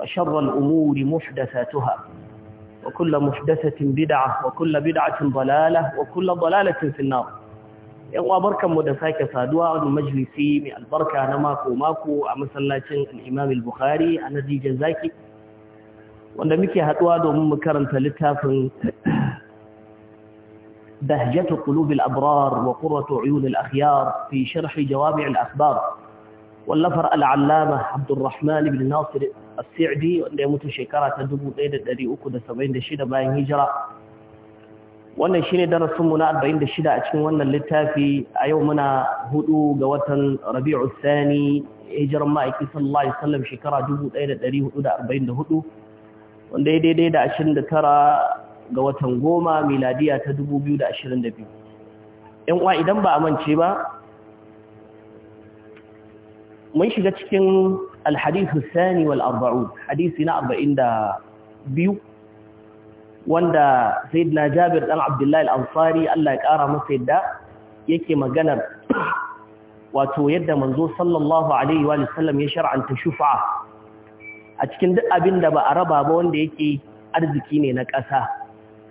وشر الأمور محدثاتها وكل محدثة بدعة وكل بدعة ضلالة وكل ضلالة في النار يقوى بركة مدفاكة سادواء المجلسي من البركة أنا ماكو ماكو مثلا الإمام البخاري أنا دي جزاكي ونميكي هدواء من مكرم ثلثة بهجة قلوب الأبرار وقرة عيون الأخيار في شرح جوامع الأخبار واللفر العلامة عبد الرحمن بن ناصر as-Sa'di wanda ya mutu shekara ta 1376 bayan hijira wannan shine darasin mu na 46 a cikin wannan littafi a yau muna hudu ga watan Rabi'u Thani hijiran ma'aikin sallallahu alaihi wasallam shekara 1444 wanda ya daidai da 29 ga watan goma miladiya ta 2022 yan uwa idan ba a mance ba mun shiga cikin الحديث الثاني والأربعون na أربعين دا بيو wanda sayyidina Jabir dan Abdullahi al-Ansari Allah ya kara masa yadda yake maganar wato yadda manzo sallallahu alaihi wa sallam ya shar'anta shufa a cikin duk abinda ba a raba ba wanda yake arziki ne na ƙasa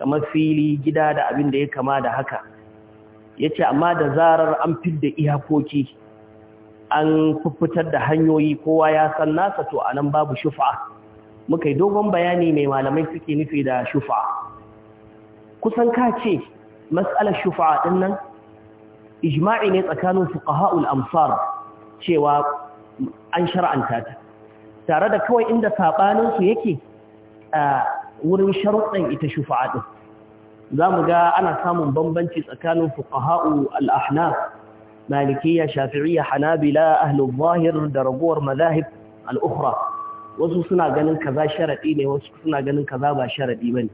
kamar fili gida da abinda ya kama da haka yace amma da zarar an fidda iyakoki an fitar da hanyoyi kowa ya san nasa to a nan babu shufa muka yi dogon bayani mai malamai suke nufi da shufa kusan ka ce mas'alar shufa ɗin nan ijma'i ne tsakanin fuqaha'ul amsar cewa an shar'anta ta tare da kawai inda sabanin su yake a wurin sharuɗin ita shufa'a Za mu ga ana samun bambanci tsakanin fuqaha'ul ahnaf malikiya shafi'iyya hanabila ahlul zahir da raguwar mazahib al'ukhra wasu suna ganin kaza sharadi ne wasu suna ganin kaza ba sharadi bane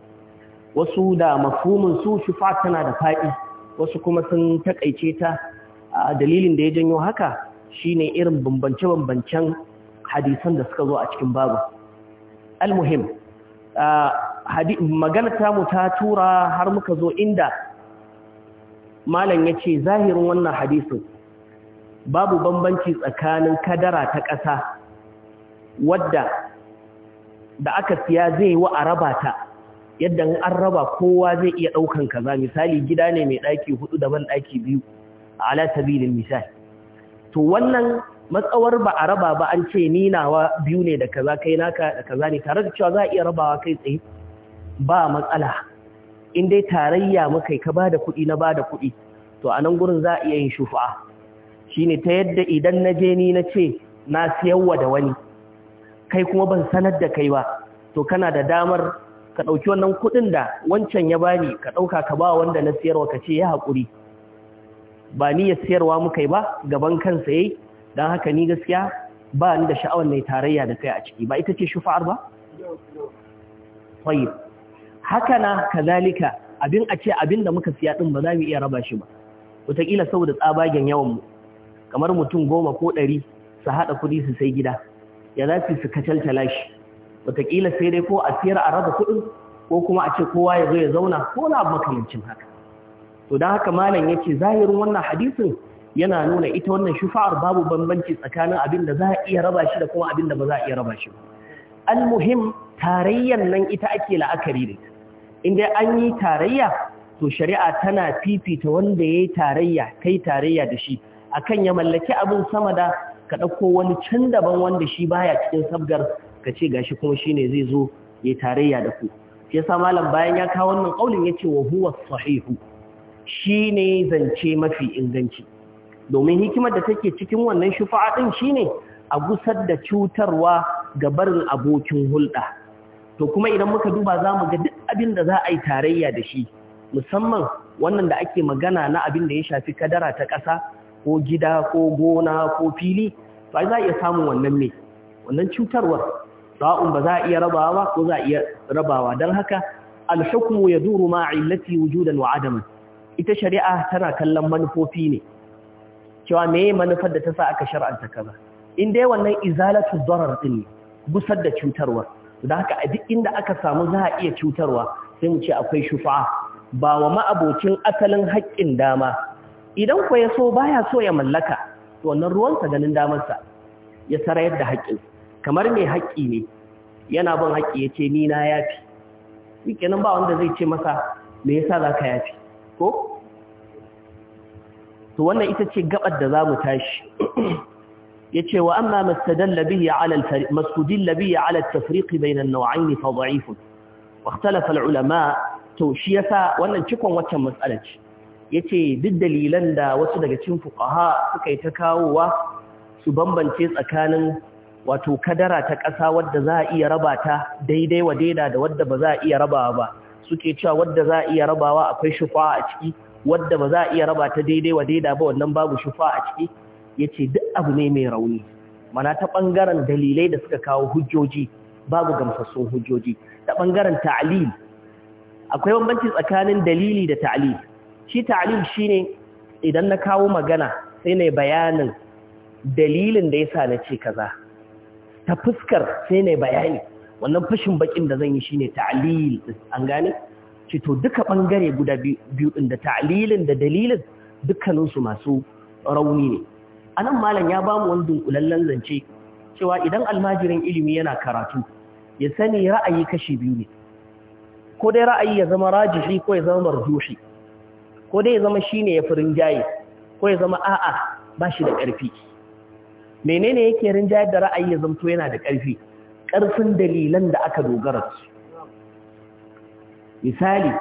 wasu da mafhumin su shufa tana da faɗi wasu kuma sun takaice ta dalilin da ya janyo haka shine irin bambance-bambancen hadisan da suka zo a cikin babu almuhim maganar mu ta tura har muka zo inda malam ya ce zahirin wannan hadisin babu bambanci tsakanin kadara ta ƙasa wadda da aka siya zai wa a raba ta yadda an raba kowa zai iya ɗaukan kaza misali gida ne mai ɗaki hudu da ban ɗaki biyu a alasabilin misali to wannan matsawar ba a raba ba an ce ni biyu ne da kaza kai naka da kaza ne tare da cewa za a iya rabawa kai tsaye ba matsala in dai tarayya muka ka ba da kuɗi na ba da kuɗi to a nan gurin za a iya yin shufa'a ne ta yadda idan na je ni na ce na siyarwa da wani kai kuma ban sanar da kai ba to kana da damar ka ɗauki wannan kuɗin da wancan ya bani ka ɗauka ka ba wanda na siyarwa ka ce ya haƙuri ba ni ya siyarwa muka yi ba gaban kansa yayi don haka ni gaskiya ba ni da sha'awar mai tarayya da kai a ciki ba ita ce shufa'ar ba? haka na kazalika abin a ce abin da muka siya din ba za mu iya raba shi ba wataƙila saboda tsabagen yawan mu kamar mutum goma ko ɗari su haɗa kuɗi su sai gida ya za su kacaltala shi wataƙila sai dai ko a siyar a raba kuɗin ko kuma a ce kowa ya zo ya zauna ko na makamancin haka to don haka malam ya ce zahirin wannan hadisin yana nuna ita wannan shufa'ar babu bambanci tsakanin abin da za a iya raba shi da kuma abin da ba za a iya raba shi ba muhim tarayyan nan ita ake la'akari da ita In inda an yi tarayya to shari'a tana fifita wanda ya yi tarayya kai tarayya da shi akan ya mallaki abin sama da ka ɗauko wani can daban wanda shi baya cikin sabgar ka ce gashi kuma shi ne zai zo ya tarayya da ku shi yasa malam bayan ya kawo wannan ya ce wa huwa sahihu Shi ne zance mafi inganci domin hikimar da take cikin wannan shufa'a din ne a gusar da cutarwa ga barin abokin hulɗa to kuma idan muka duba zamu ga duk abin da za a yi tarayya da shi musamman wannan da ake magana na abin da ya shafi kadara ta ƙasa ko gida ko gona ko fili ba za a iya samun wannan mai wannan cutarwar sa'un ba za a iya rabawa ko za a iya rabawa don haka alhukmu ya duru illati wujudan wa adaman ita shari'a tana kallon manufofi ne cewa meye manufar da ta sa aka shar'anta kaza in dai wannan izalatu darar din ne gusar da cutarwar da haka a duk inda aka samu za a iya cutarwa sai mu ce akwai shufa ba wa ma'abocin asalin haƙƙin dama idan ku ya so baya so ya mallaka to wannan ruwansa ganin damarsa ya sarayar da haƙƙin kamar mai haƙƙi ne yana bin haƙƙi ya ce ni na yafi shi kenan ba wanda zai ce masa me yasa za ka yafi ko to wannan ita ce gabar da za mu tashi yace wa amma mastadalla bihi ala al-fariq mastudilla bihi ala at-tafriq fa da'if wa ikhtalafa al-ulama to shi yasa wannan cikon waccan Ya ce yace duk dalilan da wasu daga cikin fuqaha suka yi ta kawowa su bambance tsakanin wato kadara ta ƙasa wadda za a iya raba ta daidai wa daida da wadda ba za a iya rabawa ba suke cewa wadda za a iya rabawa akwai shufa a ciki wadda ba za a iya raba ta daidai wa daida ba wannan babu shufa a ciki ya ce duk abu ne mai rauni mana ta ɓangaren dalilai da suka kawo hujjoji babu gamsassun hujjoji ta ɓangaren ta'alil akwai bambanci tsakanin dalili da ta'alil shi ta'alil shi ne idan na kawo magana sai na bayanin dalilin da ya sa na ce kaza ta fuskar sai na bayani wannan fashin bakin da zan yi shi ne ta'alil an gane ce duka ɓangare guda biyu ɗin da ta'alilin da dalilin dukkaninsu masu rauni ne a nan malam ya ba mu wani dunkulallen zance cewa idan almajirin ilimi yana karatu ya sani ra'ayi kashi biyu ne ko dai ra'ayi ya zama rajishi ko ya zama marjuhi ko dai ya zama shine ya furin jaye ko ya zama a'a ba shi da ƙarfi menene yake rinjayar da ra'ayi ya zamto yana da ƙarfi ƙarfin dalilan da aka dogara su misali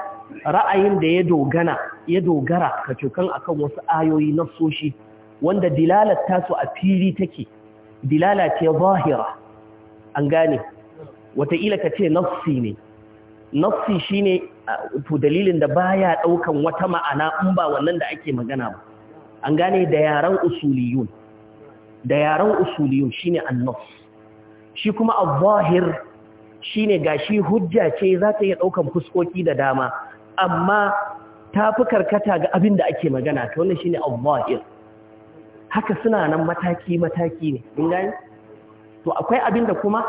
ra'ayin da ya dogana ya dogara ka cokan akan wasu ayoyi na soshi wanda dilalar tasu a fili take dilala ce zahira an gane wataƙila ka ce nafsi ne nafsi shine uh, to dalilin da baya ɗaukan wata ma'ana in ba wannan da ake magana ba an gane da yaran usuliyun da yaran usuliyun shine annas shi kuma al-zahir shine gashi hujja ce za ta iya ɗaukan fuskoki da dama amma ta fi karkata ga abin da ake magana ta wannan shine al-zahir haka suna nan mataki-mataki ne in gani to akwai abin da kuma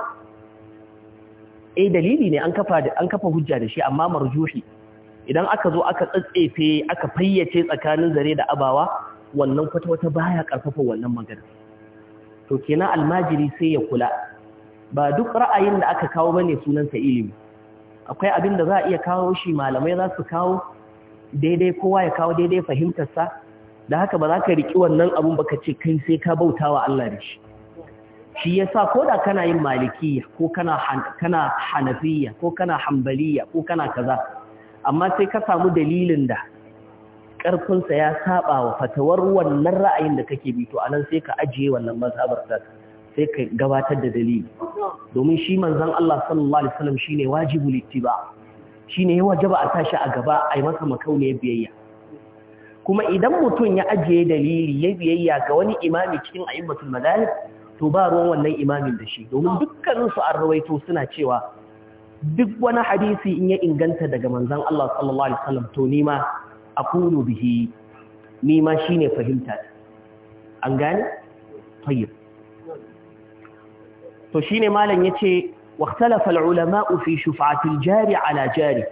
eh dalili ne an kafa hujja da shi amma marjuhi idan aka zo aka tsatsefe aka fayyace tsakanin zare da abawa wannan kwata wata baya karfafa wannan magana to kenan almajiri sai ya kula ba duk ra'ayin da aka kawo bane sunansa ilimi akwai abin da za a iya kawo shi malamai za su kawo daidai kowa ya kawo daidai fahimtarsa da haka ba za ka riƙi wannan abun ba ka ce kai sai ka bauta wa Allah da shi shi ya sa ko da kana yin malikiya ko kana hanafiya ko kana hambaliya ko kana kaza amma sai ka samu dalilin da ƙarfinsa ya saba wa fatawar wannan ra'ayin da kake bi to nan sai ka ajiye wannan mazhabar ta sai ka gabatar da dalili domin shi manzon Allah sallallahu alaihi wasallam shine wajibul ittiba shine ya wajaba a tashi a gaba a yi masa makauniyar biyayya kuma idan mutum ya ajiye dalili ya biyayya ga wani imami cikin a'immatul madahib to ba ruwan wannan imamin da shi domin dukkanin su an rawaito suna cewa duk wani hadisi in ya inganta daga manzan Allah sallallahu alaihi wasallam to nima aqulu bihi nima shine fahimta an gane tayyib to shine malam yace واختلف العلماء في شفعة الجار على جاره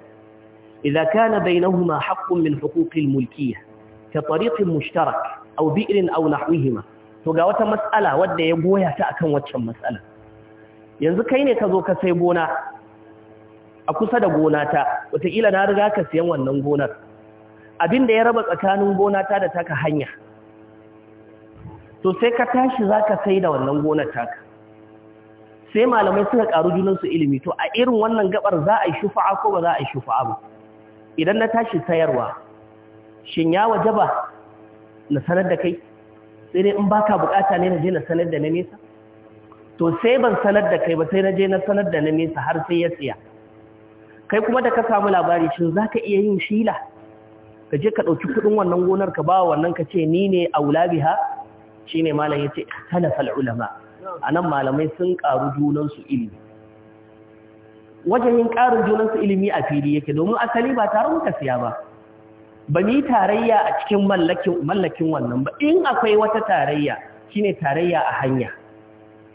إذا كان بينهما حق من حقوق الملكية Da tariqin mushtarak aubi irin auna nahwihima to ga wata matsala wadda ya goya ta akan waccan matsala yanzu kai ne ka zo ka sai gona a kusa da gonata wataƙila na riga ka siyan wannan gonar abin da ya raba tsakanin gonata da taka hanya to sai ka tashi za ka sai da wannan gonar taka sai malamai suka ƙaru junansu ilimi to a irin wannan gabar za a yi shufa'a ko ba za a yi shufa'a ba idan na tashi sayarwa shin ya waje ba na sanar da kai sai dai in baka bukata ne na je na sanar da na nesa to sai ban sanar da kai ba sai na je na sanar da na nesa har sai ya tsaya kai kuma da ka samu labari shin ka iya yin shila ka je ka ɗauki kuɗin wannan gonar ka ba wannan ka ce ni ne a aula biha ne malam ya tana fal'ulama ulama nan malamai sun ƙaru junansu ilimi wajen yin ƙarin junansu ilimi a fili yake domin asali ba tare muka siya ba ba ni tarayya a cikin mallakin wannan ba in akwai wata tarayya shine tarayya a hanya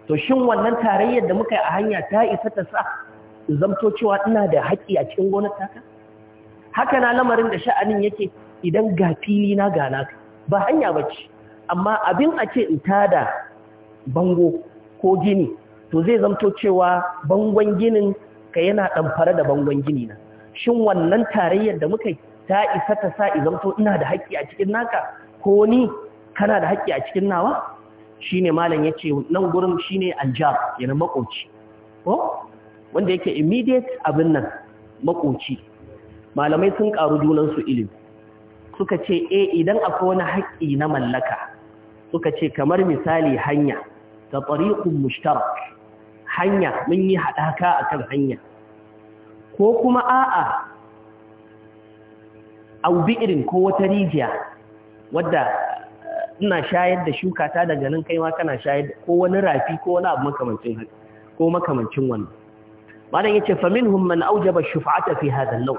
to shin wannan tarayyar da muka yi a hanya ta isa ta sa zamto cewa ina da haƙƙi a cikin gonar taka haka na lamarin da sha'anin yake idan ga fili na ga ka ba hanya bace amma abin a ce in tada bango ko gini to zai zamto cewa bangon ginin ka yana ɗamfare da bangon gini na shin wannan tarayyar da muka yi ta isa ta sa izamto ina da haƙƙi a cikin naka ko ni kana da haƙƙi a cikin nawa shine malam yace nan gurin shine aljar yana makoci ko wanda yake immediate abin nan makoci malamai sun karu junan su ilim. suka ce eh idan akwai wani haƙƙi na mallaka suka ce kamar misali hanya ta tariqun mushtarak hanya mun yi haɗaka akan hanya ko kuma a'a au irin ko wata rijiya wadda eh, ina shayar da shuka ta daga nan kaiwa kana shayar ko wani rafi ko wani abu makamancin haka ko makamancin wannan malam yace fa minhum man awjaba shufa'ata fi hadha al-law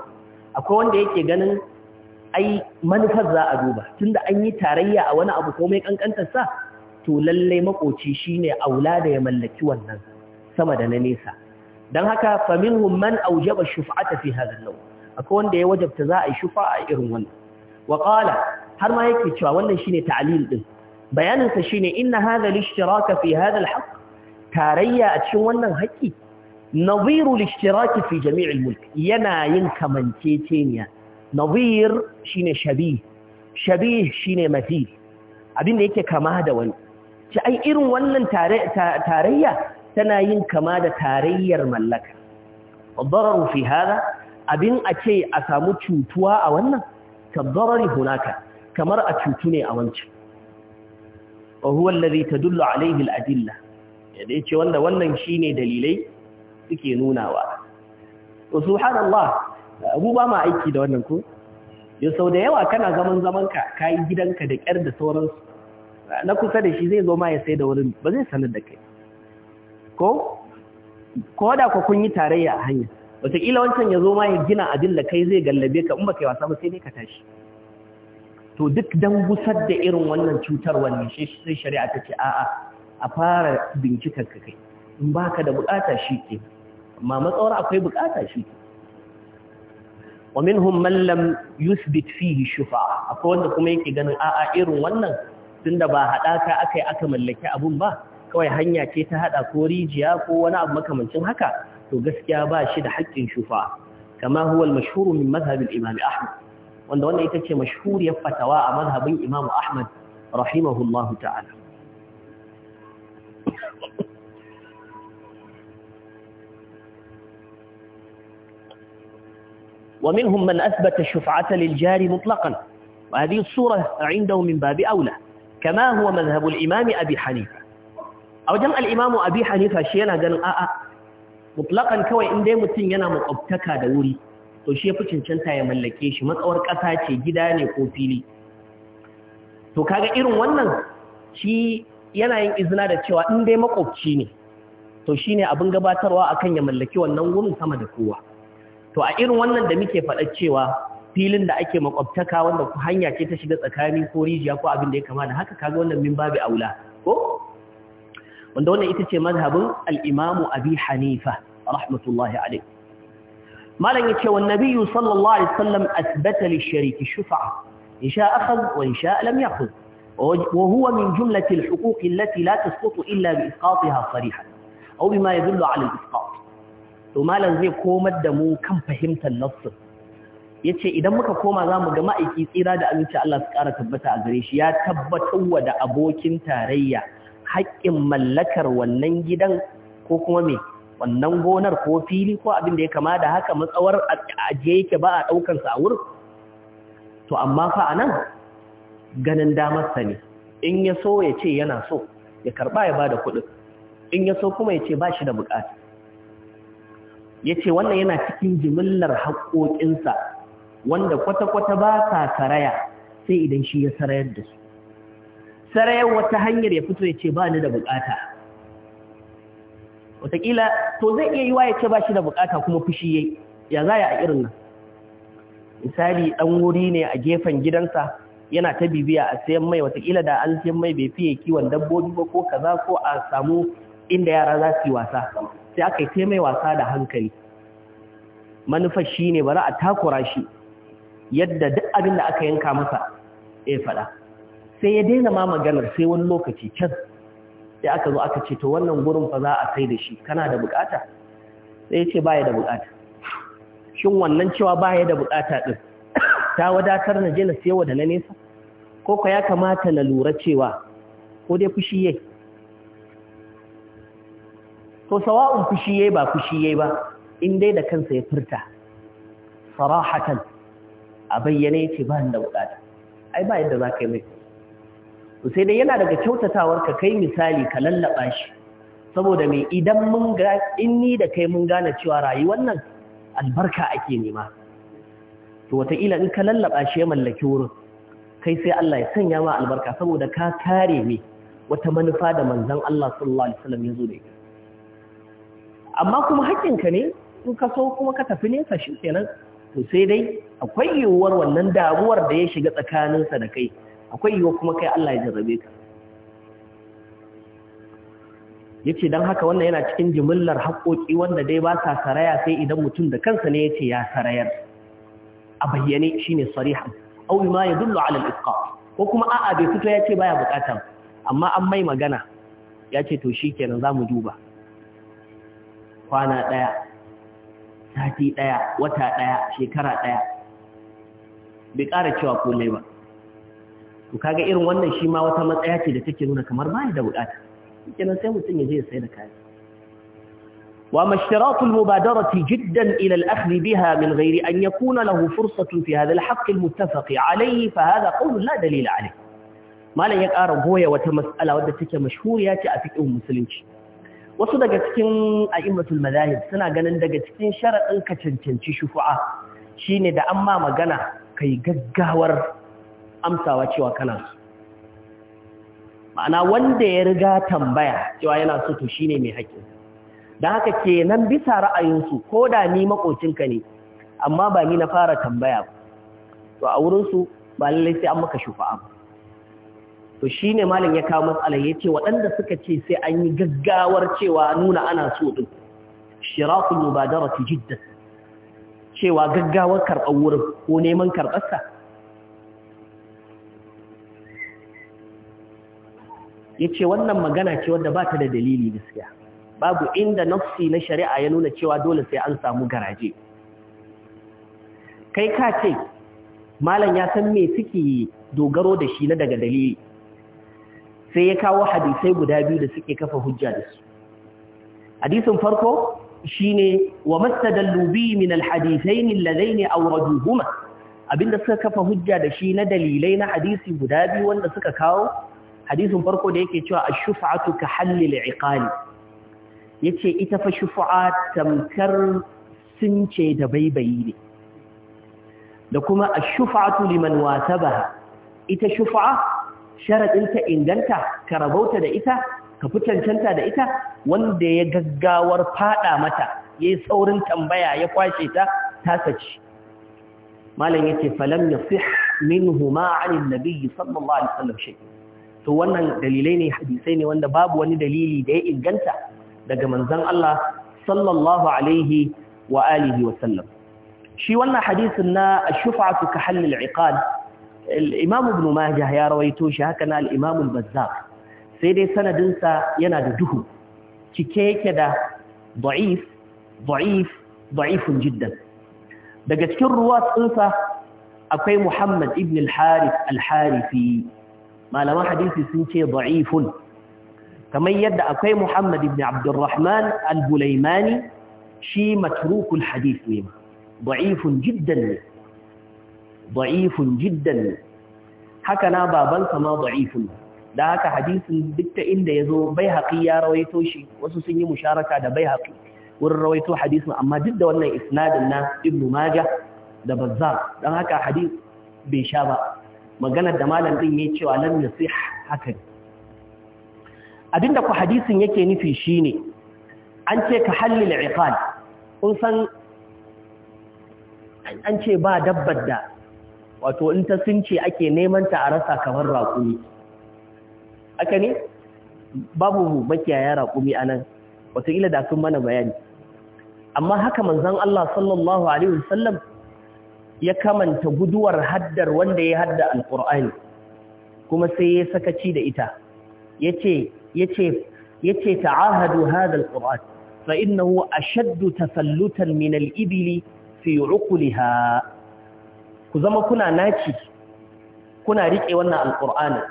akwai wanda yake ganin ai manufar za a duba tunda an yi tarayya a wani abu komai kankantar sa to lalle makoci shine aula da ya mallaki wannan sama da na nesa dan haka fa minhum man awjaba shufa'ata fi hadha al-law akwai wanda ya wajabta za a yi shufa a irin wannan wa qala har ma yake cewa wannan shine ta'lil din bayanin sa shine inna hadha al-ishtiraka fi hadha al-haqq tarayya a cikin wannan haƙi nadhiru al fi jami' al-mulk yana yin kamanceceniya nadhir shine shabih shabih shine mathil abin da yake kama da wani ci ai irin wannan tarayya tana yin kama da tarayyar mallaka والضرر في هذا abin a ce a samu cutuwa a wannan kabbarari hunaka kamar a cutu ne a wancan wa huwa allazi tadullu alaihi aladilla ya dai ce wanda wannan shine dalilai suke nunawa to subhanallah abu ba ma aiki da wannan ko ya sau da yawa kana zaman zamanka kai gidanka da kyar da sauransu na kusa da shi zai zo ma ya sai da wurin ba zai sanar da kai ko ko da ku kun yi tarayya a hanya wataƙila wancan ya zo ma ya gina abin da kai zai gallabe ka in ba kai wasa ba sai dai ka tashi to duk dan gusar da irin wannan cutar ne sai shari'a ta ce a'a a fara bincikar ka kai in ba ka da bukata shi ke amma matsawar akwai bukata shi ke wa min hun mallam yuthbit fihi shufa akwai wanda kuma yake ganin a'a irin wannan tun da ba haɗa akai aka mallaki abun ba kawai hanya ce ta haɗa ko rijiya ko wani abu makamancin haka قسكي أبا الشدة حتى نشوفها كما هو المشهور من مذهب الإمام أحمد وانده وانده يتكي مشهور يفتواء مذهب الإمام أحمد رحمه الله تعالى ومنهم من أثبت الشفعة للجار مطلقا وهذه الصورة عنده من باب أولى كما هو مذهب الإمام أبي حنيفة أو جمع الإمام أبي حنيفة شيئا قال mutlaƙan kawai in dai mutum yana makwabtaka da wuri to shi ya fi cancanta ya mallake shi matsawar ƙasa ce gida ne ko fili to kaga irin wannan shi yana yin izina da cewa in dai makwabci ne to shi ne abin gabatarwa akan ya mallaki wannan wurin sama da kowa to a irin wannan da muke faɗa cewa filin da ake makwabtaka wanda hanya ce ta shiga tsakanin ko rijiya ko abin da ya kama da haka kaga wannan min babu aula ko wanda wannan ita ce mazhabin al-Imam Abi Hanifa rahmatullahi alayhi malan yace nabiyyu sallallahu alaihi wasallam athbata lish-sharik ash-shuf'a in sha'a akhadh wa in sha'a lam ya'khudh وهو من جملة الحقوق التي لا تسقط إلا بإسقاطها صريحا أو بما يدل To الإسقاط zai لن da mu kan fahimtar فهمت Ya yace idan muka koma zamu ga ma'aiki tsira da abinci, Allah su ƙara tabbata a gare shi ya tabbatar da abokin tarayya haƙƙin mallakar wannan gidan ko kuma me wannan gonar ko fili ko abin da ya kama da haka matsawar ajiye yake ba a ɗaukansa a wurin to amma fa anan ganin damarsa ne in ya so ya ce yana so ya karɓa ya ba da kuɗin in ya so kuma ya ce ba shi da buƙata ya ce wannan yana cikin jimillar haƙoƙinsa wanda kwata-kwata ba sa karaya sai idan shi ya sarayar da su sarayar wata hanyar ya fito ya ce ba ni da bukata wataƙila to zai iya yi wa ya ce ba shi da bukata kuma fushi ya za a irin nan misali ɗan wuri ne a gefen gidansa yana ta bibiya a sayan mai wataƙila da an sayan mai bai fiye kiwon dabbobi ba ko kaza ko a samu inda yara za su yi wasa sai aka yi ta mai wasa da hankali manufar shi ne bari a takura shi yadda duk abin da aka yanka masa ya faɗa sai ya daina ma maganar sai wani lokaci can sai aka zo aka ce to wannan gurin fa za a sai da shi kana da bukata sai ya ce baya da bukata shin wannan cewa baya da bukata din ta wadatar na je na sayo da na nesa ko ka ya kamata na lura cewa ko dai fushi yayi to sawa'un fushi yayi ba fushi yayi ba in dai da kansa ya furta sarahatan a bayyane yace ba ni da bukata ai ba yadda za ka yi mai to sai dai yana daga kyautatawar ka kai misali ka lallaba shi saboda me idan mun ga in da kai mun gane cewa rayuwar nan albarka ake nema to wataƙila in ka lallaba shi ya mallaki wurin kai sai Allah ya sanya ma albarka saboda ka kare me wata manufa da manzon Allah sallallahu alaihi wasallam ya zo da amma kuma haƙƙinka ne in ka so kuma ka tafi nesa shi kenan to sai dai akwai yiwuwar wannan damuwar da ya shiga tsakaninsa da kai akwai yiwu kuma kai Allah ya jarrabe ka yace dan haka wannan yana cikin jimillar haƙoƙi wanda dai ba sa saraya sai idan mutum da kansa ne yace ya sarayar a bayyane shine sarihan aw ma yadullu ala al ko kuma a'a bai fito yace baya bukata amma an mai magana yace to shikenan zamu duba kwana daya sati daya wata daya shekara daya bai ƙara cewa komai ba to kaga irin wannan shi ma wata matsaya ce da take nuna kamar ba da bukata kenan sai mutum ya je ya sai da kaya wa mashtaratul mubadarati jiddan ila al-akhdh biha min ghairi an yakuna lahu fursatun fi hadha al-haqq al-muttafaq alayhi fa hadha qawl la dalila malan ya ƙara goya wata mas'ala wadda take mashhuriya ce a fiqhin musulunci wasu daga cikin a'immatul madahib suna ganin daga cikin sharadin ka cancanci shufu'a shine da amma magana kai gaggawar amsawa cewa kana su. ma'ana wanda ya riga tambaya cewa yana so to shine mai haƙƙi Da haka nan bisa ra'ayinsu ko da ni makocinka ne amma ba ni na fara tambaya ba to a wurinsu ba lallai sai an maka shufa'a ba to shi ne malam ya kawo matsala ya ce waɗanda suka ce sai an yi gaggawar cewa nuna ana so ɗin shirakun mubadara fi jiddan cewa gaggawar karɓar wurin ko neman karɓarsa Ya ce wannan magana ce wadda ba ta da dalili gaskiya babu inda nafsi na shari'a ya nuna cewa dole sai an samu garaje kai ka ce malam ya san me suke dogaro da shi na daga dalili sai ya kawo hadisai guda biyu da suke kafa hujja da su hadisin farko shi ne wa masta dallubi min ne lalai a alladaini awraduhuma abinda suka kafa hujja da shi na dalilai na hadisi guda biyu wanda suka kawo hadisin farko da yake cewa ash-shuf'atu ka hallil iqali yace ita fa shuf'a tamkar sunce da baibayi ne da kuma ash shufa'atu liman watabaha ita shuf'a sharadin inganta ka rabauta da ita ka fitancanta da ita wanda ya gaggawar fada mata yayi saurin tambaya ya kwashe ta ta saci malam yace falam yasih minhu ma nabi sallallahu alaihi wasallam shay'un to wannan dalilai ne hadisai ne wanda babu wani dalili da ya inganta daga manzon Allah sallallahu alaihi wa alihi wa sallam shi wannan hadisin na ash-shuf'atu ka halil iqad al-imam ibn majah ya rawaito shi haka na al-imam al-bazzar sai dai sanadin sa yana da duhu cike yake da da'if da'if da'ifun jiddan daga cikin ruwat ɗinsa akwai muhammad ibn al-harith al-harithi malaman hadisi sun ce da'ifun kamar yadda akwai Muhammad ibn Abdurrahman al-Bulaimani shi matrukul hadith ne da'ifun jiddan ne da'ifun jiddan ne haka na babansa ma da'ifun da haka hadisin duk ta inda yazo Baihaqi ya rawaito shi wasu sun yi musharaka da Baihaqi wurin rawaito hadisin amma duk da wannan isnadin na Ibn Majah da Bazzar dan haka hadith bai sha ba maganar da malam din ya cewa lan nasiha haka abinda ku hadisin yake nufi shine an ce ka halil iqal kun san an ce ba dabbar da wato in ta sunce ake neman ta a rasa kamar raƙumi aka ne babu makiyaya raƙumi a nan wataƙila da sun mana bayani amma haka manzan Allah sallallahu Alaihi wasallam ya kamanta guduwar haddar wanda ya hadda alƙur'ani kuma sai ya saka ci da ita yace yace yace ta'ahadu hadha alqur'an fa innahu ashaddu tasallutan min al-ibli fi uqliha ku zama kuna naci kuna rike wannan alqur'ani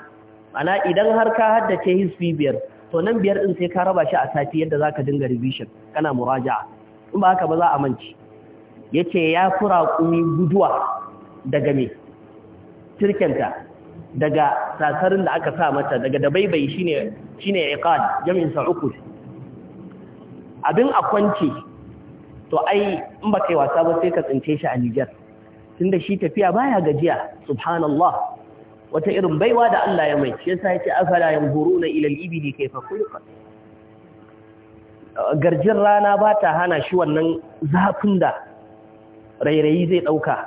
ana idan har ka haddace hisbi biyar to nan biyar din sai ka raba shi a sati yadda zaka dinga revision kana muraja'a in ba haka ba za a manci ya ce ya fi raƙumi guduwa daga me turkenta daga sasarin da aka sa mata daga dabaibai shine shine iqad jami'in sa'ukud abin a kwance to ai in ba kai wasa ba sai ka tsince shi a Niger tunda shi tafiya baya gajiya subhanallah wata irin baiwa da Allah ya mai shi yasa yace afala yanzuruna na al-ibli kayfa khuliqat garjin rana ba ta hana shi wannan zafin da rairayi zai ɗauka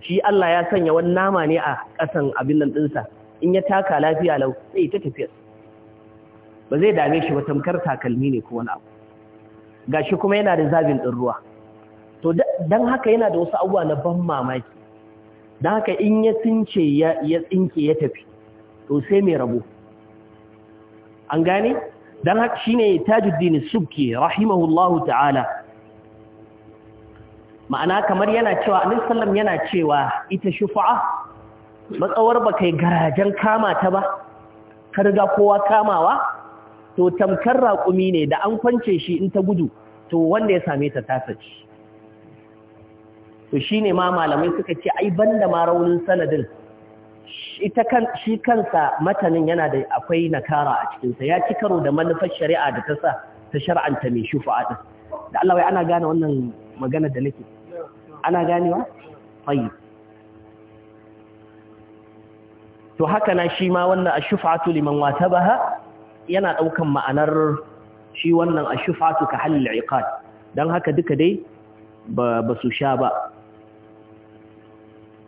shi Allah ya sanya wani nama ne a ƙasan abin nan ɗinsa in ya taka lafiya lau sai ta tafiyar ba zai dame shi ba tamkar takalmi ne ko wani abu Ga shi kuma yana da zabin ɗin ruwa to don haka yana da wasu abubuwa na ban mamaki don haka in ya tsince ya tsinke ya tafi to sai mai rabo an gane don haka shine tajuddin subki rahimahullahu ta'ala ma'ana kamar yana cewa annabi sallam yana cewa ita shufa'a matsawar ba kai garajen kama ta ba karga ga kowa kamawa to tamkar raƙumi ne da an kwance shi in ta gudu to wanda ya same ta tasace to shine ma malamai suka ce ai banda ma raunin sanadin ita kan shi kansa matanin yana da akwai nakara a cikinsa ya ci karo da manufar shari'a da ta sa ta shar'anta mai shufa'a din da Allah wai ana gane wannan magana da nake ana ganewa tayyib to haka na shi ma wannan ashfa'atu liman watabaha yana daukan ma'anar shi wannan ashfa'atu ka halil iqad Don haka duka dai ba su sha ba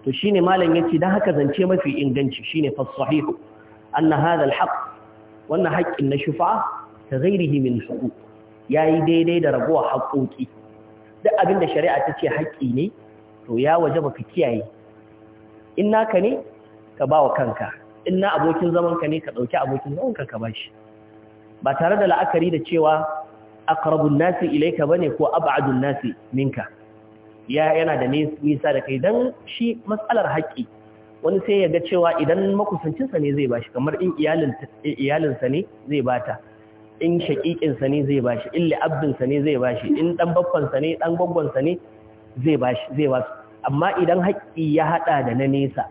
to shine malam yace don haka zance mafi inganci shine fassahihu sahihu anna hadha wannan haƙƙin na shufa ta ghairihi min Ya yayi daidai da raguwa haƙoƙi duk abin da shari'a ta ce haƙƙi ne to ya waje baka kiyaye in naka ne ka ba wa kanka in na abokin zaman ne ka ɗauki abokin zaman ka ba shi ba tare da la'akari da cewa aqrabun nasi ilaika bane ko ab'adun nasi minka ya yana da nisa da kai don shi matsalar haƙƙi wani sai ya ga cewa idan makusancinsa ne zai ba shi, kamar in iyalinsa ne zai ba ta. in shaƙiƙinsa ne zai bashi in li'abdinsa ne zai bashi in ɗan ne ɗan gwaggwansa ne zai bashi zai amma idan haƙƙi ya haɗa da na nesa